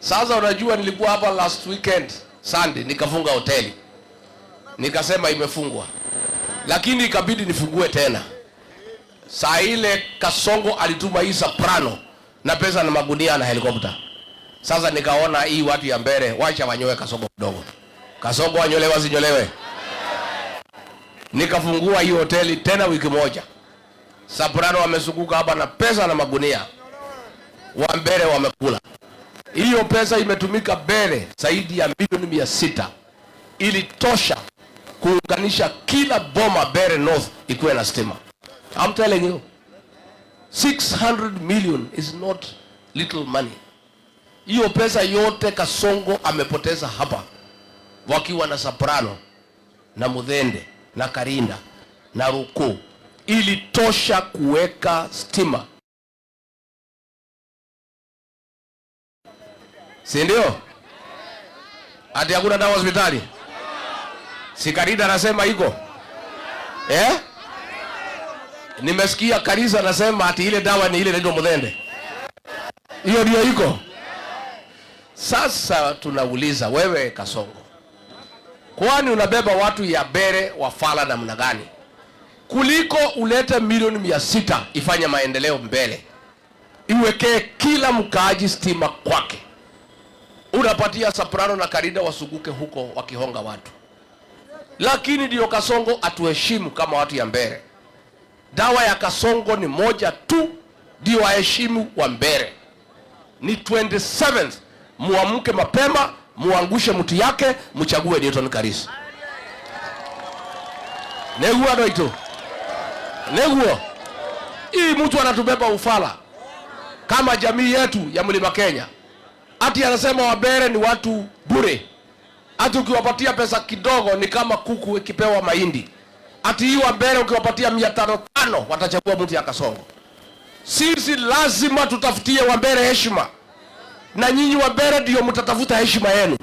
Sasa unajua, nilikuwa hapa last weekend Sunday, nikafunga hoteli nikasema imefungwa, lakini ikabidi nifungue tena saa ile. Kasongo alituma hii soprano na pesa na magunia na helikopta. Sasa nikaona hii watu ya mbele wacha wanyoe kasongo kidogo, kasongo wanyolewe wasinyolewe. Nikafungua hii hoteli tena wiki moja, soprano wamesunguka hapa na pesa na magunia, wa mbele wamekula hiyo pesa imetumika mbele zaidi ya milioni mia sita ilitosha kuunganisha kila boma Bere North ikuwe na stima. I'm telling you 600 million is not little money. Hiyo pesa yote Kasongo amepoteza hapa, wakiwa na Soprano na Mudhende na Karinda na Ruku, ilitosha kuweka stima. si ndio? Ati hakuna dawa hospitali? Si Karida anasema iko eh? Nimesikia Karisa anasema ati ile dawa ni ile inaitwa mudhende, hiyo ndio iko sasa. Tunauliza wewe Kasongo, kwani unabeba watu ya bere wafala namna gani? kuliko ulete milioni mia sita ifanye maendeleo mbele, iwekee kila mkaaji stima kwake unapatia Soprano na Karida wasuguke huko wakihonga watu, lakini ndio Kasongo atuheshimu kama watu ya Mbere. Dawa ya Kasongo ni moja tu, ndio waheshimu wa Mbere ni 27th. Muamke mapema, muangushe mti yake, mchague Dieton Karisa neguo anoito neguo hii mtu anatubeba ufala kama jamii yetu ya mlima Kenya. Ati anasema Wabere ni watu bure, ati ukiwapatia pesa kidogo ni kama kuku ikipewa mahindi. Ati hii Wabere ukiwapatia mia tano tano watachagua mtu ya Kasongo. Sisi lazima tutafutie Wabere heshima, na nyinyi Wabere ndio mtatafuta heshima yenu.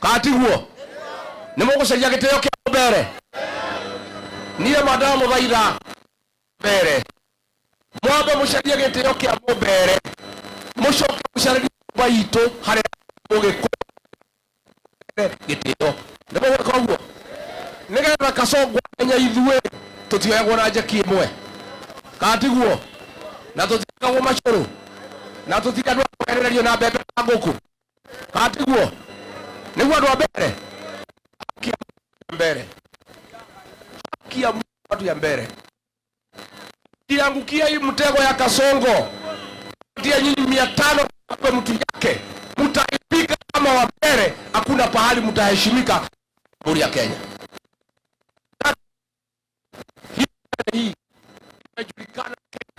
kati huo ni nimugucaria gitio kia wabere niye madamu thaira Mubere mwambe mucarie gitio kia Mubere mucoke mucaririe waitå harä å gä kå gä tä o nä må gwä ka å guo na njeki mwe katiguo na tå tigagwo na tå tiga na mbembe na ngå katiguo nä guo andå a mbere mbere ya watu ya mbele tiangukia hii mtego ya kasongo tia nyinyi mia tano mtu utaheshimika Jamhuri ya Kenya. Hii inajulikana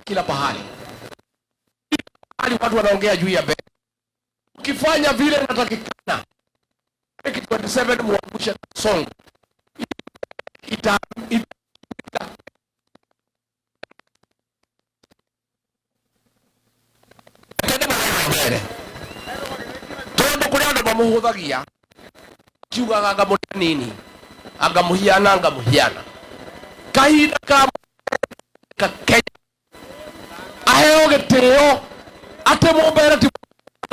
kila pahali, hali watu wanaongea juu ya bei. Ukifanya vile inatakikana, 27 mwangushe song ita, ita, ita. tondu kuria andu mamuhuthagia kiugaga ngamuta nini ngamå hiana kahinda ka kenya aheo gitio ati mumbere ti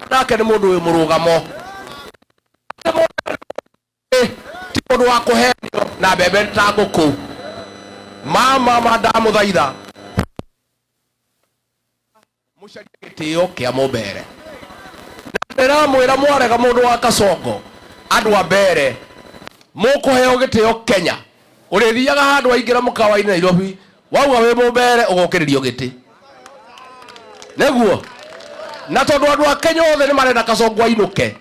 nake ni mundu rå murugamo ti mundu wa henio na mbembe ta kå mama madamu thaitha mucarie gitio kia mumbere na ra mwarega mundu wa kacongo andå a mbere må kå heo gä tä o kenya å rä thiaga handå waingä ra må kawainä nairobi wauga wä må mbere å gokä rä rio gä tä näguo na tondå andå a kenya othe nä marenda kacongwa inå ke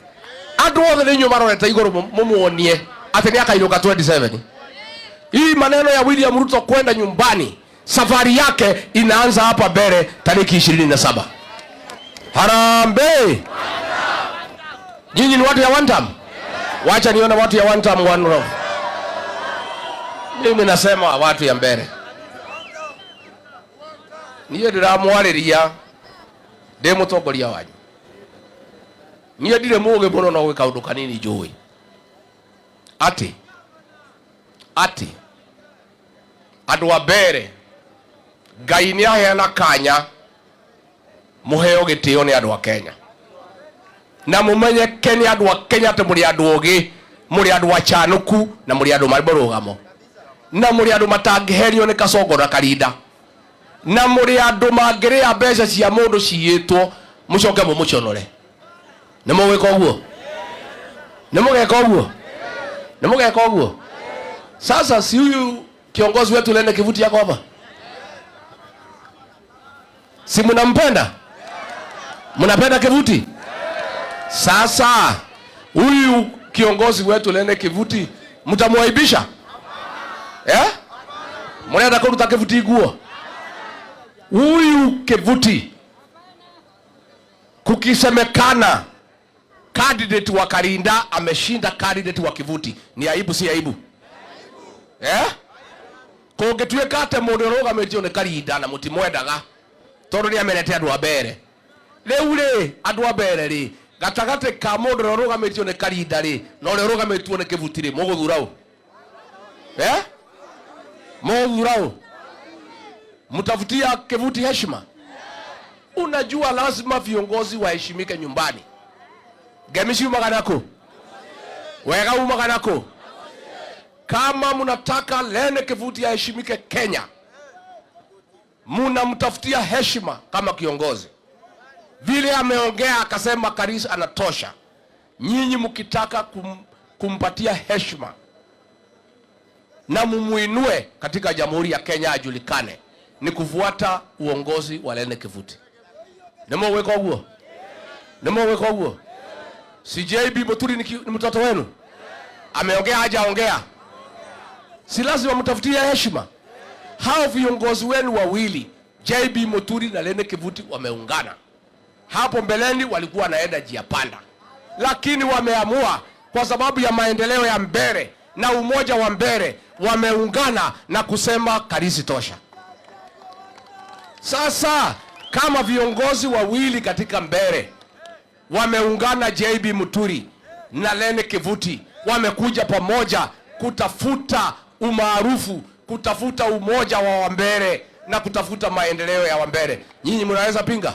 andå othe nä inyuä marorete igå rå må muonie atä nä akainå ka 27 ii maneno ya william ruto kwenda nyumbani safari yake inaanza hapa mbele tariki ishirini na saba harambe nyinyi ni watu ya wantam Wacha nione watu ya one time one love. Mimi nasema watu ya mbere niä ndä ramwarä ndä må tongoria wanyu niä ndirä må gä må no no gwä kaå ndå kanini njå ä atä andå a mbere ngai nä aheana kanya må heo gä tä o nä andå a kenya na mumenye Kenya andu a Kenya ati muri andu ogi muri andu chanuku na muri andu mari rugamo na muri andu matangiherio ni kacongo na karinda na muri andu mangiria mbeca cia mundu ciitwo mucoke mumuconore ni mugwika uguo ni mugeka uguo ni mugeka uguo sasa si uyu kiongozi wetu lene kivuti yako hapa si munampenda munapenda kivuti sasa huyu kiongozi wetu Lene Kivuti mtamwaibisha eh? Mnaenda kwa utakevuti guo huyu Kivuti, kukisemekana candidate wa Karinda ameshinda candidate wa Kivuti, ni aibu, si aibu eh? Kungituika ate mundu urugamitio ni Karinda na mutimwendaga tondu ni amenete andu a mbere riu ri andu a mbere ri gatagate ka mundu ro rugamitio ni karinda ri no ro rugamitio ni kibuti ri muguthura u eh muguthura u mtafutia kibuti heshima unajua lazima viongozi waheshimike nyumbani gemishi umaganako wega umaganako kama mnataka lene kivuti aheshimike heshimike Kenya, mnamtafutia heshima kama kiongozi vile ameongea akasema karis anatosha. Nyinyi mkitaka kum, kumpatia heshima na mumuinue katika Jamhuri ya Kenya ajulikane, ni kufuata uongozi wa Lene Kivuti. nimoweka guo nimoweka huo. si JB Muturi ni mtoto wenu, ameongea hajaongea, si lazima mtafutie heshima. Hao viongozi wenu wawili JB Muturi na Lene Kivuti wameungana hapo mbeleni walikuwa wanaenda njia panda, lakini wameamua kwa sababu ya maendeleo ya Mbere na umoja wa Mbere wameungana na kusema Karisi tosha. Sasa kama viongozi wawili katika Mbere wameungana, JB Muturi na Lene Kivuti wamekuja pamoja kutafuta umaarufu, kutafuta umoja wa Wambere na kutafuta maendeleo ya Wambere. Nyinyi mnaweza pinga?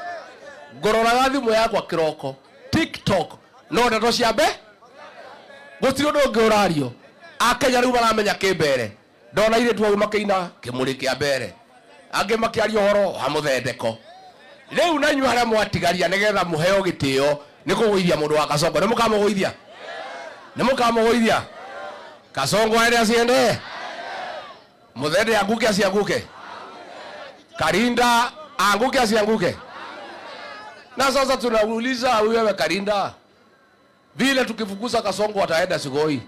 ngororaga thimu yakwa kiroko tiktok no ndeto cia mbe gutiri undu ungi urario akenya riu maramenya kimbere ndona iritu au makiina kimuri kia mbere angi makiaria horo wa muthendeko riu nanyu haria mwatigaria nigetha muheo gitio ni kuguithia mundu wa kasongo ni mukamuguithia ni mukamuguithia kasongo aende asiende muthende anguke asianguke karinda anguke asianguke na sasa tunauliza wewe Karinda, vile tukifukuza Kasongo ataenda Sigoi,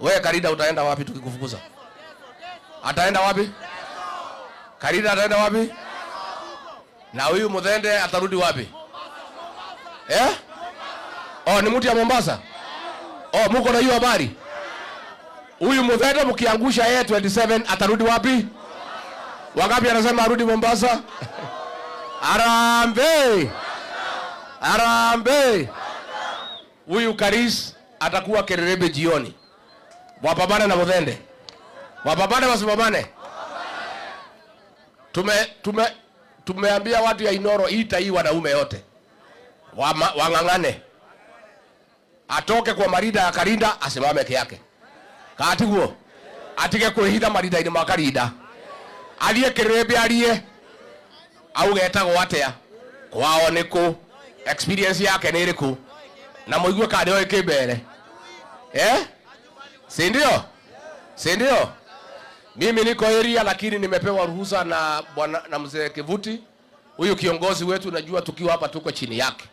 wewe Karinda utaenda wapi? Tukikufukuza ataenda wapi? Karinda ataenda wapi? Na huyu Muthende atarudi wapi? Eh? Oh, ni mtu ya Mombasa. Oh, muko na hiyo habari. Huyu Muthende mkiangusha yeye 27 atarudi wapi? Wangapi anasema arudi Mombasa? Arambe. Arambe. Huyu Karis atakuwa kererebe jioni. Wapambane na Muthende. Wapambane wasipambane. Tume tume tumeambia watu ya Inoro ita hii wanaume yote. Wama, wang'ang'ane. Atoke kwa marida ya Karinda asimame yake. Katiguo. Atige kuhitha marida ini makarida. Aliye kererebe aliye au getagwo atia? Kwao niku experience yake nä iriku na muigue ka nä oä mbere eh? sindio sindio mimi niko area lakini nimepewa ruhusa na bwana na mzee Kivuti, huyu kiongozi wetu. Najua tukiwa hapa tuko chini yake.